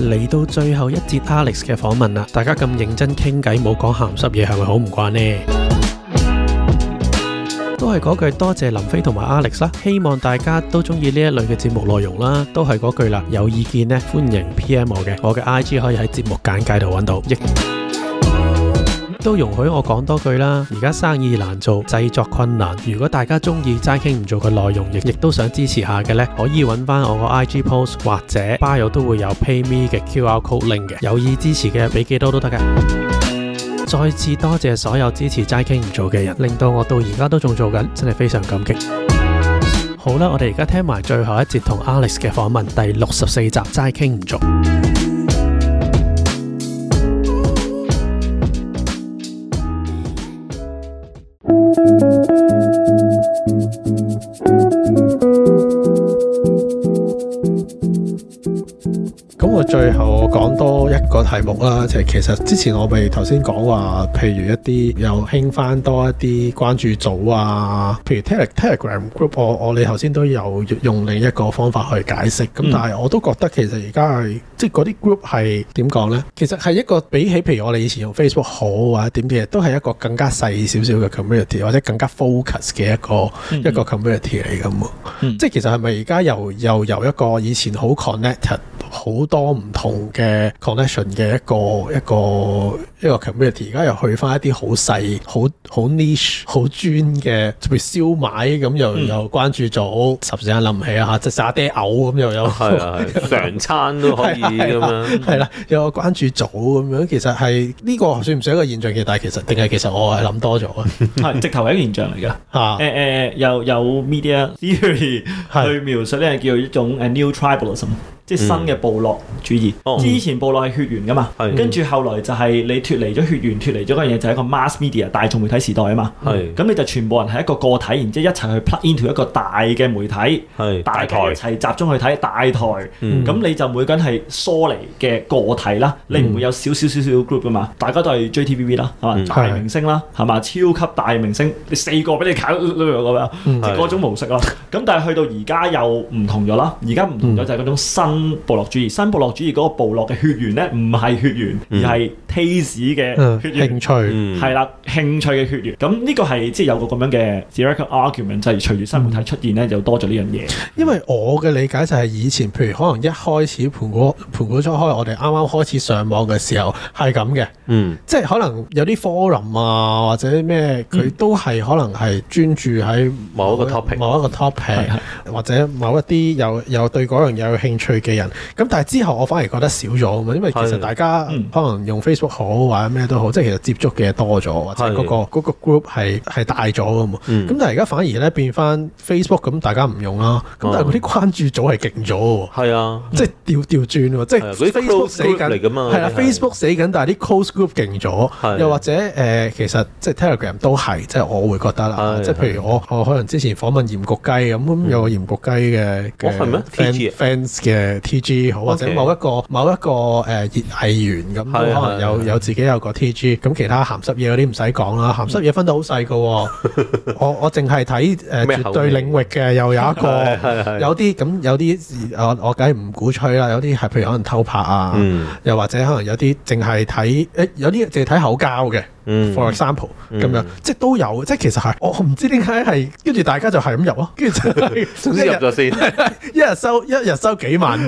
嚟到最後一節 Alex 嘅訪問啦，大家咁認真傾偈，冇講鹹濕嘢，係咪好唔慣呢？ 都係嗰句，多謝林非同埋 Alex 啦，希望大家都中意呢一類嘅節目內容啦，都係嗰句啦，有意見呢，歡迎 PM 我嘅，我嘅 IG 可以喺節目簡介度揾到。都容許我講多句啦，而家生意難做，製作困難。如果大家中意齋傾唔做嘅內容，亦亦都想支持下嘅呢，可以揾翻我個 I G post 或者 bio 都會有 pay me 嘅 Q R code link 嘅。有意支持嘅，俾幾多都得嘅。再次多謝所有支持齋傾唔做嘅人，令到我到而家都仲做緊，真係非常感激。好啦，我哋而家聽埋最後一節同 Alex 嘅訪問，第六十四集齋傾唔做。其實之前我哋頭先講話，譬如一啲又興翻多一啲關注組啊，譬如 Tele, Telegram group，我我哋頭先都有用另一個方法去解釋。咁、嗯、但係我都覺得其實而家係即係嗰啲 group 係點講呢？其實係一個比起譬如我哋以前用 Facebook 好或者點嘅，都係一個更加細少少嘅 community，或者更加 focus 嘅一個、嗯、一個 community 嚟㗎嘛。即係其實係咪而家又由由一個以前好 connected？好多唔同嘅 connection 嘅一個一個一個 community，而家又去翻一啲好細好好 niche 好專嘅，特別燒賣咁又、嗯、又關注組，霎時間諗唔起啊，即係沙爹嘔咁又有係、啊、 常餐都可以咁嘛、啊，係啦、啊，又、 啊啊、關注組咁樣，其實係呢、呢個算唔算一個現象嘅？但係其實定係其實我係諗多咗啊， 直頭係一個現象嚟㗎吓誒誒，有有 media theory、啊、去描述呢，叫做一種 new tribalism。即係新嘅部落主義，嗯、之前部落係血緣噶嘛，跟、嗯、住後來就係你脫離咗血緣脫離咗嗰樣嘢就係一個 mass media 大眾媒體時代啊嘛，咁、嗯、你就全部人係一個個體然之後一齊去 plug into 一個大嘅媒體、嗯、大台一齊集中去睇大台，咁、嗯嗯、你就每個人係疏離嘅個體啦，嗯、你唔會有少少少少 group 噶嘛，大家都係追 TVB 啦，係嘛、嗯、大明星啦，係嘛、嗯、超級大明星，嗯、你四個俾你揀咁樣，即係嗰種模式咯。咁 但係去到而家又唔同咗啦，而家唔同咗就係嗰種新。新部落主義，新部落主義嗰個部落嘅血緣咧，唔係血緣，嗯、而係 taste 嘅血緣、嗯、興趣，係啦，興趣嘅血緣。咁呢個係即係有個咁樣嘅 direct argument，就係隨住新媒體出現咧，就多咗呢樣嘢。因為我嘅理解就係以前，譬如可能一開始盤古盤古初開，我哋啱啱開始上網嘅時候係咁嘅，嗯，即係可能有啲 forum 啊，或者咩，佢都係可能係專注喺某一個 topic、嗯、某一個 topic，或者某一啲有有對嗰樣嘢有興趣嘅人，咁但係之後我反而覺得少咗啊嘛，因為其實大家可能用 Facebook 好或者咩都好，即係其實接觸嘅多咗，或者嗰、嗰個嗰個 group 係係大咗嘛。咁、嗯、但係而家反而咧變翻 Facebook 咁，大家唔用啦。咁但係嗰啲關注組係勁咗，喎、嗯，啊、嗯，即係調調轉喎，即係 Facebook 死緊，係啦，Facebook 死緊，但係啲 close group 勁咗，又或者、呃、其實即係 Telegram 都係，即、就、係、係、我會覺得啦，即係譬如我我可能之前訪問鹽焗雞咁，嗯、有鹽焗雞嘅哇係咩 fans 嘅。嗯哦 T.G. 好，或者某一個、okay。某一個誒熱、呃、藝員咁，可能有是是是有自己有個 T.G. 咁，其他鹹濕嘢嗰啲唔使講啦。鹹濕嘢分得好細噶，我我淨係睇誒絕對領域嘅又有一個，是是是是有啲咁，有啲我我梗係唔鼓吹啦。有啲係譬如可能偷拍啊，嗯、又或者可能有啲淨係睇誒有啲淨係睇口交嘅。嗯、For example，咁、嗯、樣即都有，即其實係我唔知點解係跟住大家就係咁入咯，跟住先入咗先 一日收一日收幾萬。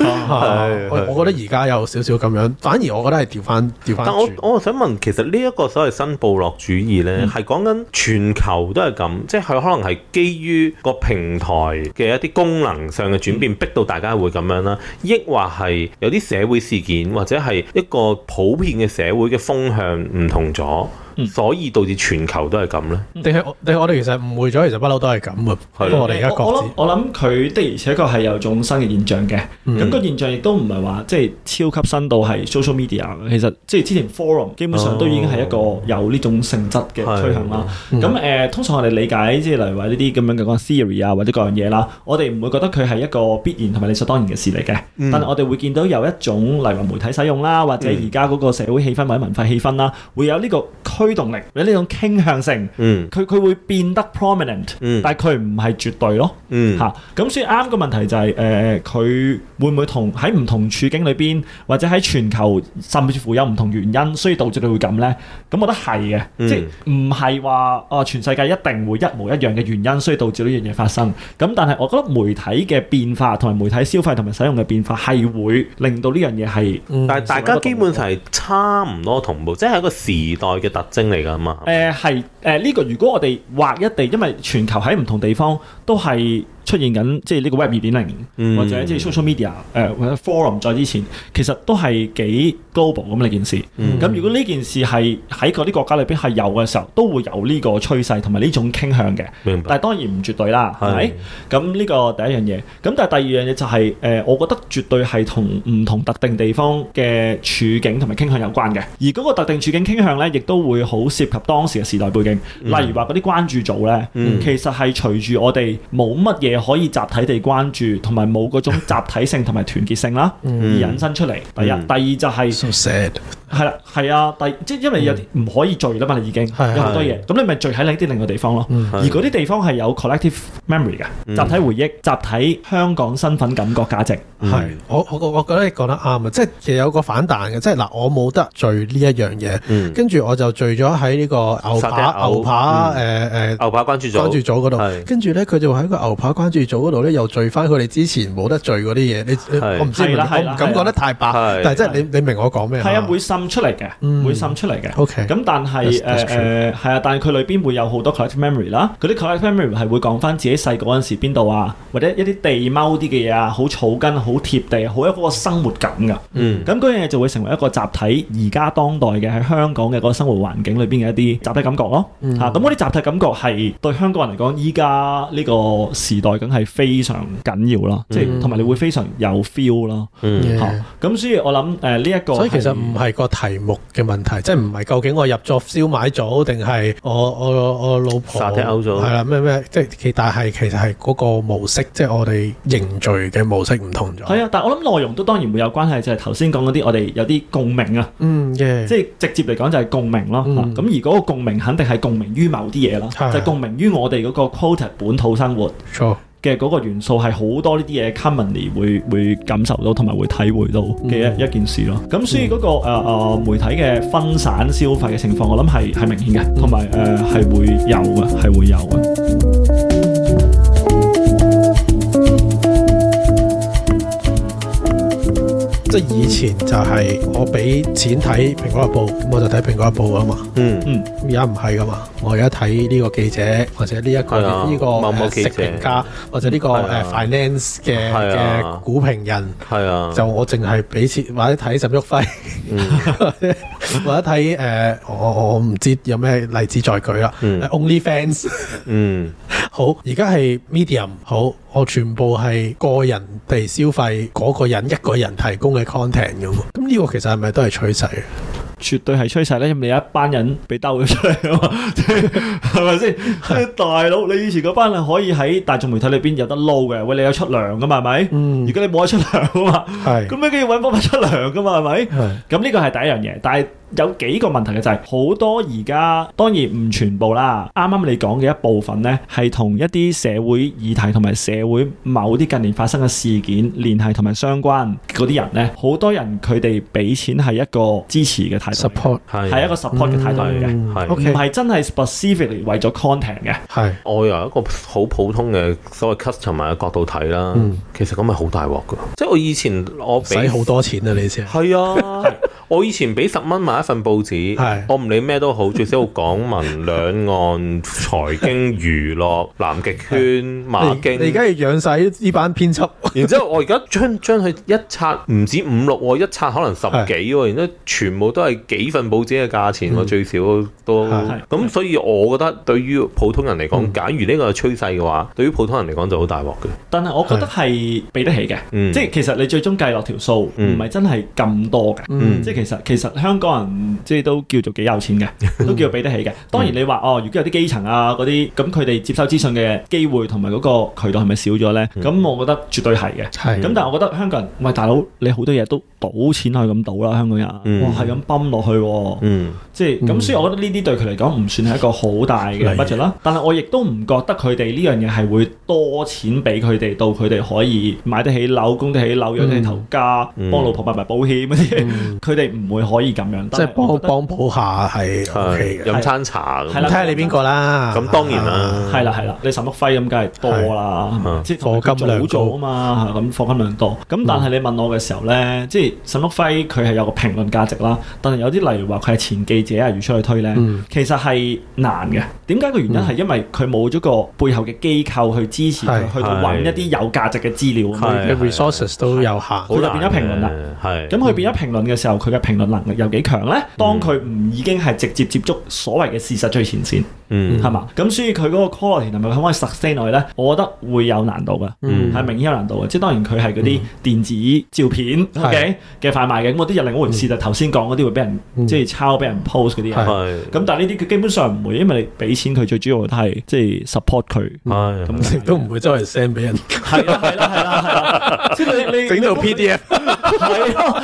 係， 我覺得而家有少少咁樣，反而我覺得係調翻調翻。但我我想問，其實呢一個所謂新部落主義呢，係講緊全球都係咁，即係佢可能係基於個平台嘅一啲功能上嘅轉變，嗯、逼到大家會咁樣啦，抑或係有啲社會事件，或者係一個普遍嘅社會嘅風向唔同咗，嗯，所以導致全球都係咁呢？定，嗯、係我哋其實誤會咗，其實不嬲都係咁啊。咁我哋而家各自。我諗佢的而且確係有種新嘅現象嘅。嗯咁、嗯、個現象亦都唔係話即係超級深度係 social media，其實即係之前 forum 基本上都已經係一個有呢種性質嘅趨向啦。咁、哦嗯、通常我哋理解即係例如話呢啲咁樣嘅 theory 啊，或者各樣嘢啦，我哋唔會覺得佢係一個必然同埋理所當然嘅事嚟嘅。嗯、但係我哋會見到有一種例如媒體使用啦，或者而家嗰個社會氣氛或者文化氣氛啦，會有呢個驅動力，有呢種傾向性。嗯，佢佢會變得 prominent，但係佢唔係絕對咯。嗯，嗯、啊，咁所以啱嘅問題就係誒佢會。會唔會同喺唔同處境裏邊，或者喺全球，甚至乎有唔同原因，所以導致到佢咁呢。咁我覺得係嘅，即係唔係話啊全世界一定會一模一樣嘅原因，所以導致呢樣嘢發生。咁但係我覺得媒體嘅變化同埋媒體消費同埋使用嘅變化係會令到呢樣嘢係。但係大家基本上係差唔多同步，即係一個時代嘅特徵嚟噶嘛。誒係誒呢個如果我哋劃一地，因為全球喺唔同地方都係。出現緊即係呢個 Web 二點零，或者即係 social media，誒或者 forum 再之前，其實都係幾 global 咁樣件事。咁、嗯、如果呢件事係喺嗰啲國家裏邊係有嘅時候，都會有呢個趨勢同埋呢種傾向嘅。明白。但係當然唔絕對啦，係咪？咁呢個第一樣嘢。咁但係第二樣嘢就係、是、誒、呃，我覺得絕對係同唔同特定地方嘅處境同埋傾向有關嘅。而嗰個特定處境傾向咧，亦都會好涉及當時嘅時代背景。嗯、例如話嗰啲關注組咧、嗯，其實係隨住我哋冇乜嘢。可以集體地關注，同埋冇嗰種集體性同埋團結性啦、 嗯，而引申出嚟。第一、第二就係、是，係、so、啦，係啊，第即係因為有啲唔可以聚啦嘛，已、mm. 經有好多嘢，咁你咪聚喺另一啲另外地方咯。而嗰啲地方係有 collective memory 嘅集體回憶、集體香港身份感覺價值。係我我我覺得你講得啱啊！即係其實有個反彈嘅，即係嗱，我冇得聚呢一樣嘢，跟、嗯、住我就聚咗喺呢個牛扒牛扒誒誒牛扒、呃、牛扒關注組、嗯、關注組嗰度，跟住咧佢就喺個牛扒關注組嗰度咧，又聚翻佢哋之前冇得聚嗰啲嘢。你我唔知，啦，我唔敢講得太白，但係真係你你明我講咩？係啊，會滲出嚟嘅、嗯，會滲出嚟嘅。OK，咁但係誒誒係啊，但係佢裏邊會有好多 collective memory 啦，嗰啲 collective memory 係會講翻自己細個嗰陣時邊度啊，或者一啲地踎啲嘅嘢啊，好草根、好貼地、好有嗰個生活感㗎。咁、嗯、嗰樣嘢就會成為一個集體，而家當代嘅喺香港嘅嗰個生活環境裏邊嘅一啲集體感覺咯。嚇、嗯，咁嗰啲集體感覺係對香港人嚟講，依家呢個時代。梗係非常緊要啦，即係同埋你會非常有 feel 咯。嗯，咁、嗯，所以我諗誒呢一個，所以其實唔係個題目嘅問題，嗯、即係唔係究竟我入咗燒賣組定係我我我老婆殺隻鈎組係啦，咩咩即係其但係其實係嗰個模式，即、就、係、係、我哋凝聚嘅模式唔同咗。係啊，但係我諗內容都當然會有關係，就係頭先講嗰啲我哋有啲共鳴啊。嗯嘅，即係直接嚟講就係共鳴咯。咁、嗯、而嗰個共鳴肯定係共鳴於某啲嘢啦，就係、係、共鳴於我哋嗰個 quota 本土生活。錯。嘅嗰個元素係好多呢啲嘢，commonly 會會感受到同埋會體會到嘅一一件事咯。咁所以嗰個誒誒媒體嘅分散消費嘅情況，我諗係係明顯嘅，同埋誒係會有嘅，係會有嘅。即係以前就係我俾錢睇《蘋果日報》，我就睇《蘋果日報》啊嘛。嗯嗯，而家唔係噶嘛，我而家睇呢個記者或者呢、這、一個呢、這個某某食評家或者呢、這個誒 finance 嘅嘅股評人。係啊，就我淨係俾錢或者睇沈旭輝。 或者呃、我睇我我唔知有咩例子再舉啦、嗯。Only fans，嗯， 好，而家係 medium，好，我全部係個人地消費嗰個人一個人提供嘅 content 咁。咁呢個其實係咪都係趨勢？絕對係趨勢咧，因為有一班人被兜咗出嚟啊嘛，係咪先？ 大佬，你以前嗰班人可以喺大眾媒體裏邊有得撈嘅，喂，你有出糧噶嘛？係咪？嗯，如果你冇得出糧啊嘛，咁你都要揾方法出糧噶嘛？係咪？咁呢個係第一樣嘢，但係，有幾個問題嘅就係、是、好多而家當然唔全部啦，啱啱你講嘅一部分咧，係同一啲社會議題同埋社會某啲近年發生嘅事件聯繫同埋相關嗰啲人咧，好多人佢哋俾錢係一個支持嘅態度，support 係、啊、一個 support 嘅態度嚟嘅，唔、嗯、係真係 specifically 為咗 content 嘅。係我由一個好普通嘅所謂 customer 嘅角度睇啦、嗯，其實咁係好大鑊噶，即係我以前我俾好多錢啊！你先係啊 是，我以前俾十蚊買。一份報紙，我唔理咩都好，最少我港聞兩 岸財經娛樂南極圈馬經，馬經你而家要養晒呢版編輯，然之後我而家將將佢一拆，唔止五六、哦，一拆可能十幾、哦，然之後全部都係幾份報紙嘅價錢，我最少都咁，嗯、所以我覺得對於普通人嚟講、嗯，假如呢個趨勢嘅話，對於普通人嚟講就好大鑊嘅。但係我覺得係畀得起嘅、嗯，即係其實你最終計落條數，唔、嗯、係真係咁多嘅、嗯，即係其實其實香港人。嗯，即係都叫做幾有錢嘅，都叫做俾得起嘅。當然你話哦，如果有啲基層啊嗰啲，咁佢哋接收資訊嘅機會同埋嗰個渠道係咪少咗呢？咁、嗯、我覺得絕對係嘅。係。咁但係我覺得香港人，喂大佬，你好多嘢都。賭錢去咁賭啦，香港人，嗯、哇係咁泵落去、啊，嗯，即係咁，所以我覺得呢啲對佢嚟講唔算係一個好大嘅 budget 啦。但係我亦都唔覺得佢哋呢樣嘢係會多錢俾佢哋到佢哋可以買得起樓，供得起樓，養得、嗯、起頭家，幫、嗯、老婆買埋保險嗰啲，佢哋唔會可以咁樣，即係幫幫補下係飲、okay、餐茶。睇下你邊個啦，咁當然啦，係啦係啦，你沈旭暉咁梗係多啦，即係課金量多啊嘛，咁課金量多。咁但係你問我嘅時候咧、嗯，即係。沈旭輝佢係有個評論價值啦，但係有啲例如話佢係前記者啊，要出去推咧、嗯，其實係難嘅。點解？個原因係因為佢冇咗個背後嘅機構去支持佢，去揾一啲有價值嘅資料。佢啲 resources 都有限，佢就變咗評論啦。咁佢變咗評論嘅時候，佢嘅評論能力有幾強咧？當佢唔已經係直接接觸所謂嘅事實最前線，係、嗯、嘛？咁所以佢嗰個 quality 係能咪可唔可以十星內咧？我覺得會有難度嘅，係、嗯、明顯有難度嘅。即係當然佢係嗰啲電子照片、嗯、，OK。嘅快賣嘅，咁嗰啲又另外一回事。就頭先講嗰啲會俾人即係、嗯、抄，俾人 post 嗰啲啊。咁但係呢啲佢基本上唔會，因為你俾錢佢，最主要都係即係 support 佢，咁亦都唔會周圍 send 俾人。係啦，係啦，係啦，即係你整到 PDF，係啊，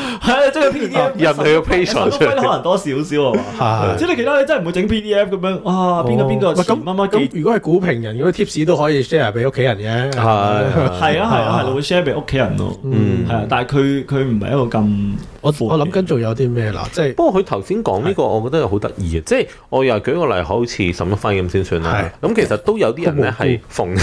即係、 就是、PDF 人。人哋要 paper 出嚟可能多少少，即係其他你真係唔會整 PDF 咁樣。哇，邊個邊個？咁、哦、咁、啊、如果係股評人如果 tips 都可以 share 俾屋企人嘅。係，係啊，係啊，係會 share 俾屋企人咯。嗯，係啊，但係佢佢唔係一個。咁、嗯、我我諗緊仲有啲咩啦，即、就、係、是、不過佢頭先講呢個，我覺得又好得意啊！即係、就是、我又舉個例，好似沈一輝咁先算啦。係咁，其實都有啲人咧係逢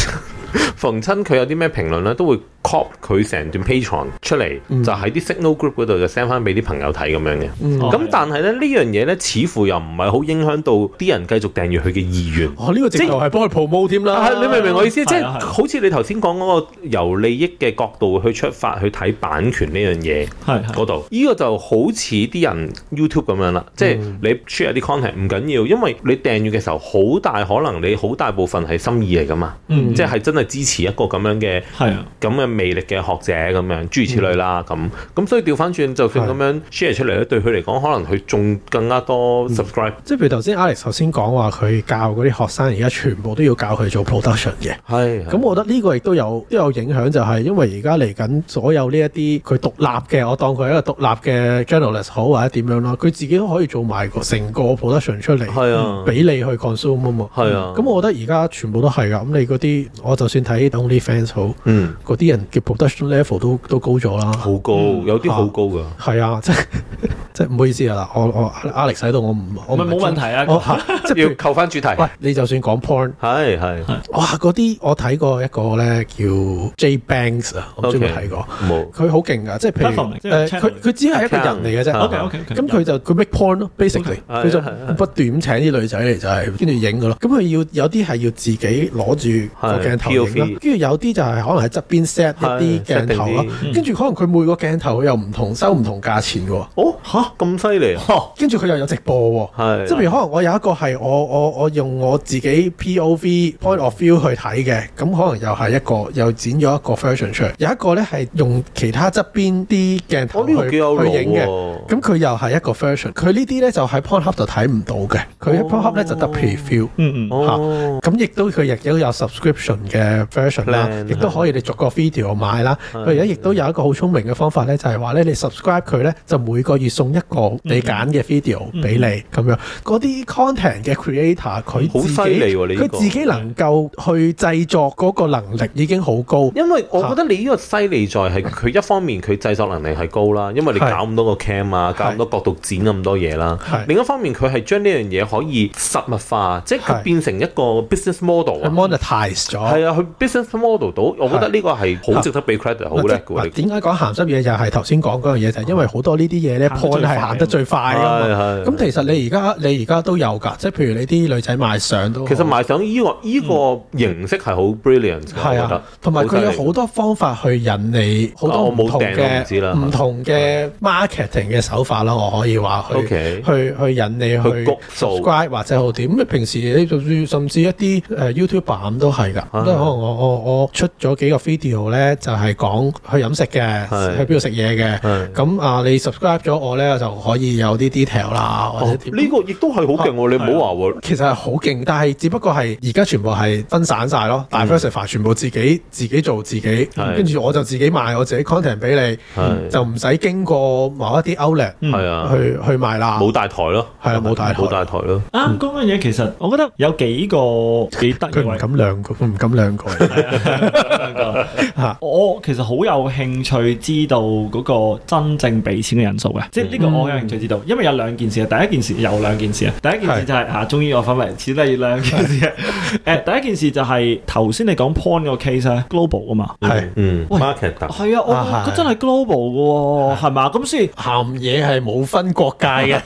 逢親佢有啲咩評論咧，都會 copy 佢成段 Patreon 出嚟、嗯，就喺啲 signal group 嗰度就 send 翻俾啲朋友睇咁樣嘅。咁、嗯哦、但係咧呢、哦啊、樣嘢咧，似乎又唔係好影響到啲人繼續訂閱佢嘅意願哦，呢、這個直頭係幫佢 promo 添啦。你明唔明我意思、啊？即係、啊、好似你頭先講嗰個由利益嘅角度去出發去睇版權呢樣嘢，係度呢個就好似啲人 YouTube 咁樣啦。即、嗯、係、就是、你 share 啲 content 唔緊要，因為你訂閱嘅時候，好大可能你好大部分係心意嚟㗎嘛。嗯。即係真係支持一個咁樣嘅係啊咁嘅。魅力嘅學者咁樣諸如此類啦，咁、嗯、咁所以調翻轉，就算咁樣 share 出嚟咧，對佢嚟講，可能佢仲更加多 subscribe，嗯。即係譬如頭先 Alex 頭先講話，佢教嗰啲學生而家全部都要教佢做 production 嘅。係。咁我覺得呢個亦都有都有影響，就係，就係因為而家嚟緊所有呢一啲佢獨立嘅，我當佢係一個獨立嘅 journalist 好或者點樣咯，佢自己都可以做埋成個 production 出嚟，係啊，俾你去 consume 啊嘛。係，嗯、啊。咁我覺得而家全部都係㗎，咁你嗰啲我就算睇 OnlyFans 好，嗯，嗰啲人。嘅 production level 都都高咗啦，好高，嗯、有啲好高噶，係啊，即即唔好意思啊嗱，我我 Alex 使到我唔，咪冇問題啊， 即比 要扣翻主題。你就算講 porn，係係，哇，嗰啲我睇過一個咧叫 Jay Banks 啊，我都未睇過，冇，佢好勁噶，即譬如佢佢、呃、只係一個人嚟嘅啫，咁佢就佢 make porn 咯，basically，佢就不斷咁請啲女仔嚟就係、是，跟住影佢咯，咁佢要有啲係要自己攞住個鏡頭影，跟住有啲就係可能喺側邊 set。一啲 鏡頭啦、嗯，跟住可能佢每個鏡頭又唔同，收唔同價錢喎、啊。哦，吓咁犀利，跟住佢又有直播喎、啊，即係譬如可能我有一個係我我我用我自己 P.O.V.、嗯、point of view 去睇嘅，咁可能又係一個又剪咗一個 version 出嚟。有一個咧係用其他側邊啲鏡頭去、哦、去影嘅，咁、嗯、佢又係一個 version。佢呢啲咧就喺 Point Hub 度睇唔到嘅，佢喺 Point Hub 就得 preview、哦。嗯嗯。咁亦都佢亦都有 subscription 嘅 version 啦、嗯，亦都、嗯、可以你逐個 video。我買啦，佢而家亦都有一個好聰明嘅方法咧，就係話咧，你 subscribe 佢咧，就每個月送一個你揀嘅 video 俾你咁樣。嗰啲 content 嘅 creator 佢好犀利喎，你呢個，佢自己能夠去製作嗰個能力已經好高。因為我覺得你呢個犀利在係佢一方面，佢製作能力係高啦，因為你搞咁多個 cam 啊，搞咁多角度剪咁多嘢啦。另一方面，佢係將呢樣嘢可以實物化，即係佢變成一個 business model 啊 monetize 咗。係啊，佢 business model 到，我覺得呢個係。好、啊、值得被 credit 好叻、啊，點解講咸濕嘢就係頭先講嗰樣嘢，就係、是、因為好多呢啲嘢咧，point 係行得最快啊,啊最快嘛。咁其實你而家你而家都有㗎，即係譬如你啲女仔賣相都其實賣相依、依個依、嗯依個形式係好 brilliant 係啊，同埋佢有好多方法去引你好多唔同嘅唔、啊啊、同嘅 marketing 嘅手法啦，我可以話、啊、去去、okay, 去引你去 subscribe 或者好點咁。平時，你甚至一啲誒 YouTuber 都係，㗎、啊，可能我我我出咗幾個 video 咧。咧就係、是、講去飲食嘅，去邊度食嘢嘅。咁啊，你 subscribe 咗我咧就可以有啲 detail 啦，或者呢、這個亦都係好勁喎！你唔好話其實係好勁，但係只不過係而家全部係分散曬咯 diversify 全部自己自己做自己，跟住我就自己賣我自己 content 俾你，就唔使經過某一啲 Outlet、啊、去去賣啦。冇大台咯，係啊，冇大台。冇大台咯。啱講嘅嘢其實，我覺得有幾個幾得意。佢唔敢兩個，唔敢兩個。 啊、我其實好有興趣知道嗰個真正俾錢嘅人數嘅，即係呢個我有興趣知道，因為有兩件事啊。第一件事有兩件事，件事、就是、啊，兩件事啊。第一件事就係、是、嚇，終於我分為似係兩件事，第一件事就係頭先你講 porn 個 case global 啊嘛，係嗯 market 係啊，我啊那真係 global 嘅喎、哦，係嘛？咁所以鹹嘢係冇分國界嘅， 啊。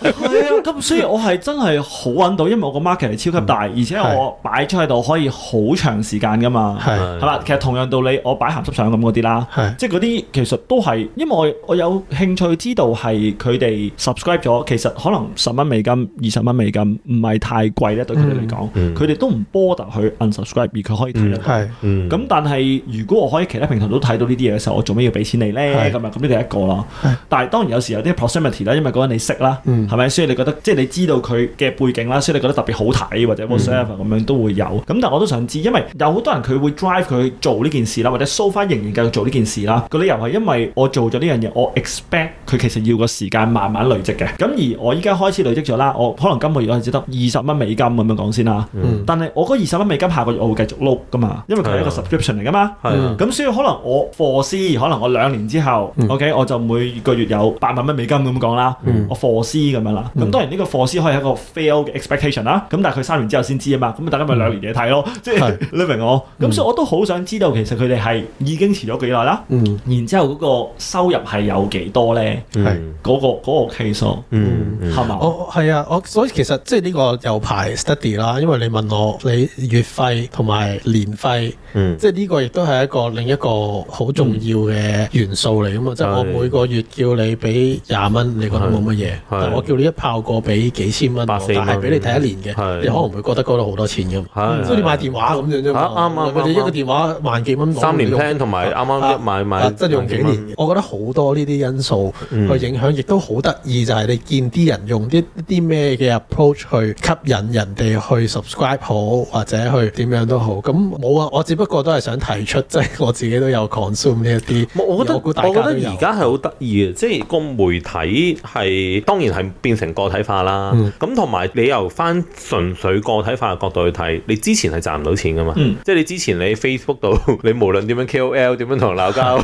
咁所以我係真係好揾到，因為我個 market 係超級大，嗯、而且我擺出喺度可以好長時間噶嘛，係係，其實同樣道理，我擺鹹咁啲啦，即係嗰啲其實都係，因為我有興趣知道係佢哋 subscribe 咗，其實可能十蚊美金，二十蚊美金唔係太貴咧，對佢哋嚟講，佢、嗯、哋、嗯、都唔波特去 unsubscribe，而佢可以睇到。咁、嗯嗯、但係如果我可以其他平台都睇到呢啲嘢嘅時候，我做咩要俾錢你呢？咁啊，咁呢個一個咯。但係當然有時有啲 proximity 啦，因為嗰陣你識啦，係、嗯、咪？所以你覺得即係你知道佢嘅背景啦，所以你覺得特別好睇或者 whatever 咁、嗯、樣都會有。咁但係我都想知，因為有好多人佢會 drive 佢做呢件事啦，或者、so 仍然繼續做呢件事啦，個理由係因為我做咗呢樣嘢，我 expect。佢其實要個時間慢慢累積嘅，咁而我依家開始累積咗啦，我可能今個月可能只得二十蚊美金咁樣講先啦、嗯。但係我嗰二十蚊美金下個月我會繼續碌噶嘛，因為佢係一個 subscription 嚟噶嘛。係、啊。咁、嗯、所以可能我 forecast 可能我兩年之後、嗯、OK 我就每個月有八萬蚊美金咁樣講啦。嗯、我 forecast 咁樣啦。咁、嗯、當然呢個 forecast 可以係一個 fail 嘅 expectation 啦。咁但係佢三年之後先知啊嘛。咁大家咪兩年嘢睇咯。嗯、即係你明我。咁、嗯、所以我都好想知道其實佢哋係已經持咗幾耐啦。然之後嗰個收入係有幾多咧？係嗰個嗰個 case 咯，嗯，係、嗰、嘛、個嗰個嗯嗯，我係啊，我所以其實即係呢個有排 study 啦。因為你問我你月費同埋年費，嗯、即係呢個亦都係一個另一個好重要嘅元素嚟啊嘛。即、嗯、係、就是、我每個月叫你俾廿蚊，你覺得冇乜嘢，但我叫你一炮過俾幾千蚊，但係俾你睇一年嘅，你可能會覺得攞到好多錢嘅嘛。好似、嗯、買電話咁樣啫嘛。啱、啊、啱，你、啊、一個電話萬幾蚊、啊啊、三年聽同埋啱啱一買、啊、買，即、啊、用幾年，年我覺得好多呢啲因素。嗯、去影響，亦都好得意，就係、是、你見啲人用啲啲咩嘅 approach 去吸引人哋去 subscribe 好，或者去點樣都好。咁冇啊，我只不過都係想提出，即、就、係、是、我自己都有 consume 呢一啲。我覺得我，我覺得而家係好得意嘅，即係個媒體係當然係變成個體化啦。咁同埋你由翻純粹個體化嘅角度去睇，你之前係賺唔到錢㗎嘛。嗯、即係你之前你 Facebook 度，你無論點樣 KOL 點樣同人鬧交，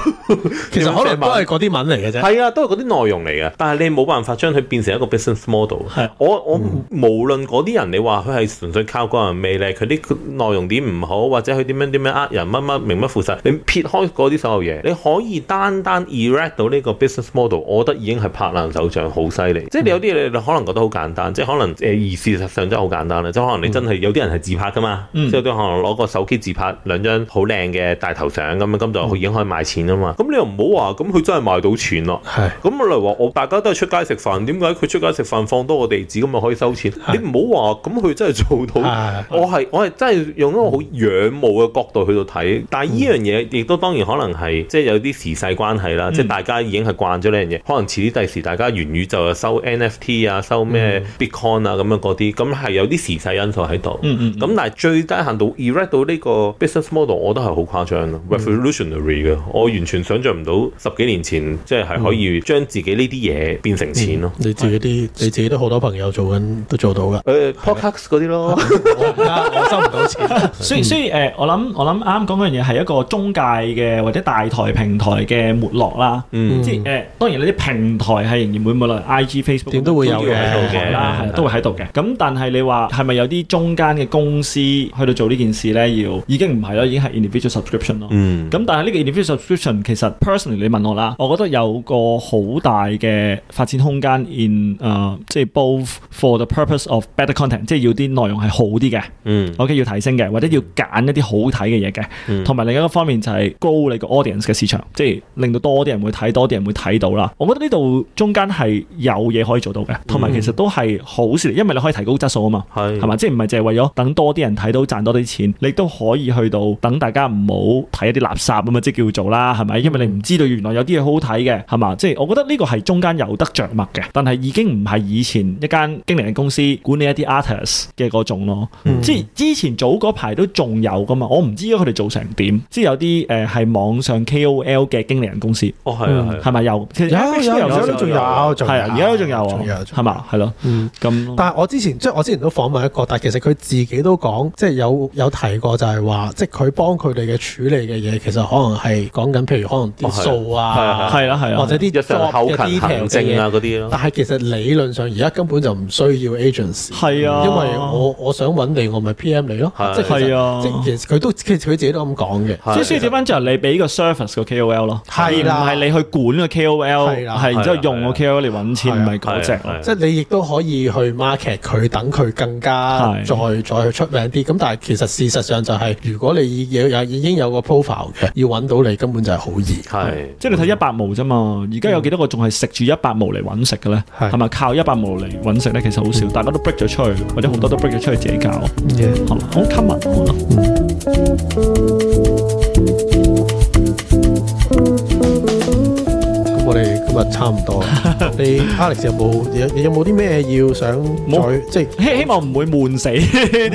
其實 可能都係嗰啲文嚟嘅啫。係啊，都係。啲內容嚟嘅，但係你冇辦法將佢變成一個 business model。係我我、嗯、無論嗰啲人，你話佢係純粹靠個人魅力，佢啲內容點唔好，或者佢點樣點樣呃人乜乜名乜副實，你撇開嗰啲所有嘢，你可以單單 erect 到呢個 business model，我覺得已經係拍爛手掌，好犀利。即、嗯、係、就是、你有啲嘢你可能覺得好簡單，即、就、係、是、可能誒、嗯、而事實上真係好簡單咧，即、就、係、是、可能你真係、嗯、有啲人係自拍噶嘛，即係都可能攞個手機自拍兩張好靚嘅大頭相咁樣，咁就已經可以賣錢啊嘛。咁、嗯、你又唔好話咁佢真係賣到錢咯。係。咁咪例如話我大家都係出街食飯，點解佢出街食飯放多個地址咁咪可以收錢？你唔好話咁，佢真係做到。我係我係真係用一個好仰慕嘅角度去到睇、嗯，但係依樣嘢亦都當然可能、就是、係即係有啲時勢關係啦，嗯、即係大家已經係慣咗呢樣嘢。可能遲啲第時大家元宇宙啊收 NFT 啊，收咩 Bitcoin 啊咁、嗯、樣嗰啲，咁係有啲時勢因素喺度。咁、嗯嗯嗯、但係最低限度 erect 到呢個 business model，我都係好誇張、嗯、revolutionary 嘅，我完全想象唔到十幾年前即係係可以將、嗯。將自己呢啲嘢變成錢咯、啊嗯，你自己啲你自己都好多朋友做緊都做到噶、欸，誒 Podcast 嗰啲咯我 我、嗯呃，我收唔到錢，所以所以誒，我諗我諗啱啱講嗰樣嘢係一個中介嘅或者大台平台嘅沒落啦、嗯，即係誒當然呢啲平台係仍然會冇落 IG Facebook 點都會有嘅，係啦，都會喺度嘅，咁但係你話係咪有啲中間嘅公司去到做呢件事咧？要已經唔係咯，已經係 individual subscription 咯，咁、嗯、但係呢個 individual subscription 其實 personally 你問我啦，我覺得有個好好大嘅發展空間，in 誒、呃、即係 both for the purpose of better content、嗯、即係要啲內容係好啲嘅，嗯，OK 要提升嘅，或者要揀一啲好睇嘅嘢嘅，同、嗯、埋另一個方面就係高你個 audience 嘅市場，即係令到多啲人會睇，多啲人會睇到啦。我覺得呢度中間係有嘢可以做到嘅，同埋其實都係好事嚟，因為你可以提高質素啊嘛，係、嗯、嘛，即係唔係淨係為咗等多啲人睇到賺多啲錢，你都可以去到等大家唔好睇一啲垃圾啊嘛，即、就是、叫做啦，係咪？因為你唔知道原來有啲嘢好好睇嘅，係嘛，即係我覺得呢個係中間有得着墨嘅，但係已經唔係以前一間經理人公司管理一啲 artist 嘅嗰種咯、嗯。之前之前早嗰排都仲有噶嘛，我唔知佢哋做成點。即係有啲誒係網上 KOL 嘅經理人公司，哦係係咪有有有有仲有係啊！而家都仲有，仲、yeah, yeah, 有係嘛？係、啊嗯、咯，咁。但係我之前即係我之前都訪問一個，但係其實佢自己都講，即係有有提過就係話，即係佢幫佢哋嘅處理嘅嘢，其實可能係講緊，譬如可能啲數啊，係啦係啦，或者啲個口勤行政啊嗰啲咯，但係其實理論上而家根本就唔需要 agents 係啊，因為我我想揾你，我咪 PM 你咯。即係啊，即係其實佢、啊、都佢自己都咁講嘅。所以所以點樣、就是、你俾個 service 個 KOL 咯。係啦、啊，係你去管個 KOL 係啦、啊，係然之後用個 KOL 嚟揾錢唔係嗰隻。即係、啊啊啊啊啊啊啊、你亦都可以去 market 佢，等佢更加再再去出名啲。咁但係其實事實上就係、是、如果你有有已經有個 profile 嘅，要揾到你根本就係好易。係，即係、啊就是、你睇一百毛啫嘛。而、嗯、家有。記得我仲係食住一百毛嚟揾食嘅呢，係咪靠一百毛嚟揾食呢？其實好少，大家都 break 咗出去，或者好多都 break 咗出去自己搞，yeah. 好 common。咪差唔多，你 Alex 有冇有有冇啲咩要想再即係希望唔會悶死，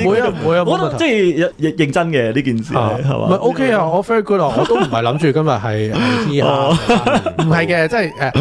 唔會啊唔會啊冇問題。我覺得即係認認真嘅呢件事係嘛？唔係 OK 啊，我 very good 啊，我都唔係諗住今日係唔知啊，唔係嘅，即係誒，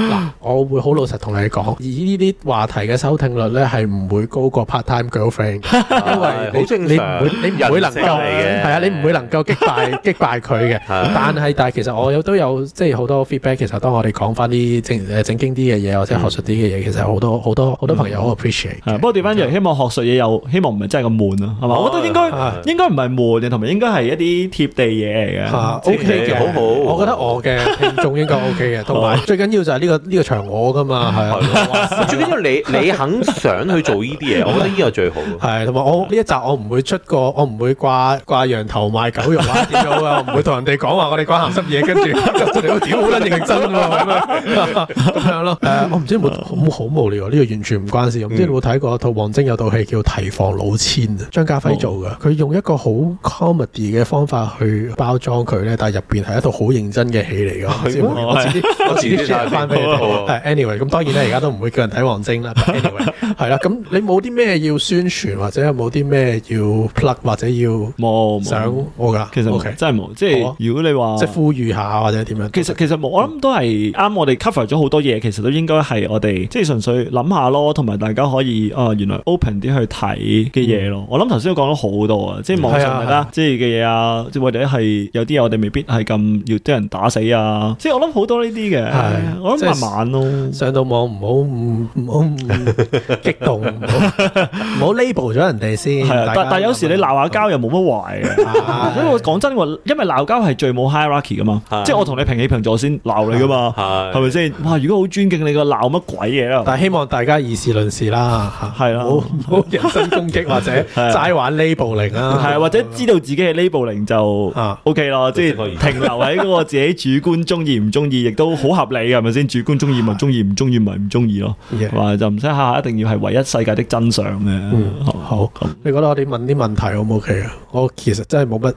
我會好老實同你講，而呢啲話題嘅收聽率咧係唔會高過 part time girlfriend，因為好正常，你你唔會能夠係啊，你唔會能夠擊敗擊敗佢嘅，但係但係其實我有都有即係好多 feedback，其實當我哋講翻啲。正，正經啲嘅嘢，或者學術啲嘅嘢，其實好多好多好多朋友好 appreciate。不過調翻轉，希望學術嘢又希望唔係真係咁悶啊，係嘛？我覺得應該應該唔係悶同埋應該係一啲貼地嘢嚟嘅。O K 嘅，好好。我覺得我嘅聽眾應該 O K 嘅，同埋最緊要就係呢個呢個場我噶嘛，係最緊要你你肯想去做呢啲嘢，我覺得呢個最好。係同埋我呢一集我唔會出個，我唔會掛掛羊頭賣狗肉啊，叫做啊，唔會同人哋講話我哋掛鹹濕嘢，跟住好撚認真咁樣 咯，誒、呃，我唔知有冇好冇無聊呢、這個完全唔關事。唔、嗯、知你有冇睇過一套王晶有套戲叫《提防老千》啊，張家輝做嘅，佢、嗯、用一個好 comedy 嘅方法去包裝佢咧，但係入邊係一套好認真嘅戲嚟嘅。 我有有我自己帶翻俾你睇。anyway 咁當然咧，而家都唔會叫人睇王晶啦。 but anyway, 係 啦、啊，咁你冇啲咩要宣傳，或者有冇啲咩要 plug 或者要望上？想我噶？其實、okay. 真係冇，即係、oh. 如果你話即係呼籲下或者點樣？其實其實冇，我諗都係啱。嗯、我哋 cover 咗好多嘢，其實都應該係我哋即係純粹諗下咯，同埋大家可以哦、呃、原來 open 啲去睇嘅嘢咯。我諗頭先都講咗好多、嗯、啊，啊，即係網上啊，即係嘅嘢啊，即係我哋係有啲嘢我哋未必係咁要啲人打死，人打死啊。即係我諗好多呢啲嘅，我諗慢慢咯，上到網唔好唔好。嗯嗯嗯嗯 激動，唔好 label 咗人哋先。係但、啊、但有時你鬧下交又冇乜壞嘅。不過講真話，因為鬧交係最冇 hierarchy 噶嘛，是啊、即係我同你平起平坐先鬧你噶嘛，係咪先？哇，如果好尊敬你嘅鬧乜鬼嘢啦？但係希望大家以事論事啦，係啦、啊，唔好人身攻擊或者齋、啊、玩 labeling 啦、啊，係、啊、或者知道自己係 labeling 就 ok 咯、啊，即係停留喺嗰個自己主觀中意唔中意，亦 都好合理嘅係咪先？主觀中意咪中意，唔中意咪唔中意咯，話就唔使下下一定要係。Yeah. 唯一世界的真相嘅、嗯，好，你覺得我哋問啲問題好唔 OK 啊？我其實真係冇乜，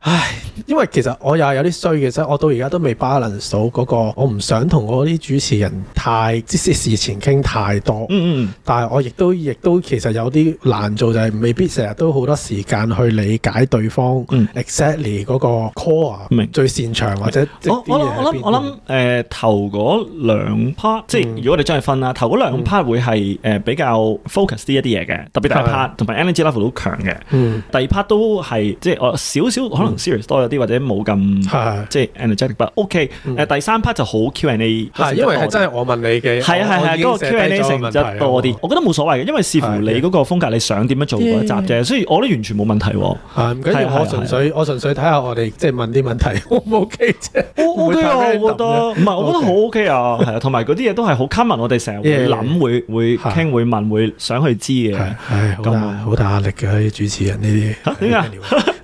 唉，因為其實我也有啲衰嘅，所以我到而家都未 balance 到嗰個，我唔想同嗰啲主持人太即使事前傾太多，嗯嗯，但係我亦都亦都其實有啲難做，就係、是、未必成日都好多時間去理解對方，嗯，exactly 嗰個 core 最擅長或者、就是、我我我諗我諗誒、呃、頭嗰兩 part、嗯、即係如果我哋將佢分啦、嗯，頭嗰兩 part 會係誒。嗯呃呃比較 focus 啲一啲嘢嘅，特別第一 part 同埋 energy level 都強嘅、嗯。第二 part 都係即係我少少可能 serious 多有啲或者冇咁，即係 energetic，、嗯、但係 OK、嗯。誒，第三 part 就好 Q&A，係因為係真係我問你嘅，係啊，係啊，嗰個 Q&A 性質多啲。我覺得冇所謂嘅，因為視乎你嗰個風格，你想點樣做嗰一集啫。所以我都完全冇問題，係唔緊要，我純粹我純粹睇下我哋即係問啲問題，我 OK 啫，O K 我覺得唔係，我覺得好 O K 啊，係啊，同埋嗰啲嘢都係好 common，我哋成日會諗會會會問會想去知嘅，係係好大好大壓力嘅，啲主持人呢啲。點啊？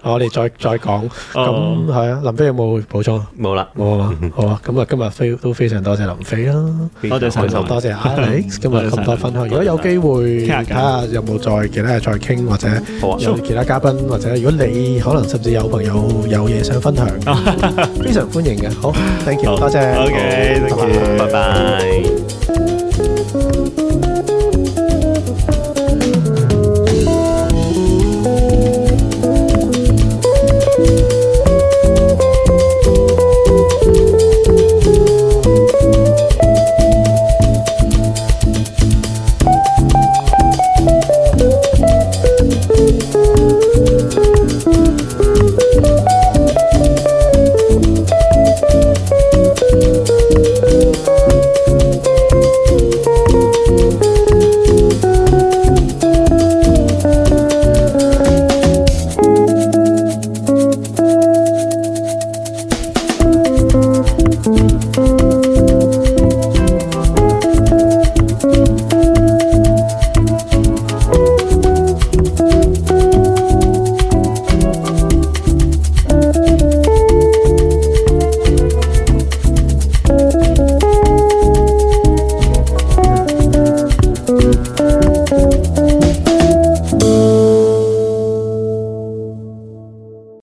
我哋再再講，咁係啊。林非有冇補充？冇啦，冇啊，好啊。咁啊，今日非都非常多謝林非啦，多謝晒，多謝。哎，今日咁多分享，如果有機會，睇下，有冇再其他再傾，或者有其他嘉賓，或者如果你可能甚至有朋友有嘢想分享，非常歡迎嘅。好，thank you，多謝。O K，thank you，拜拜。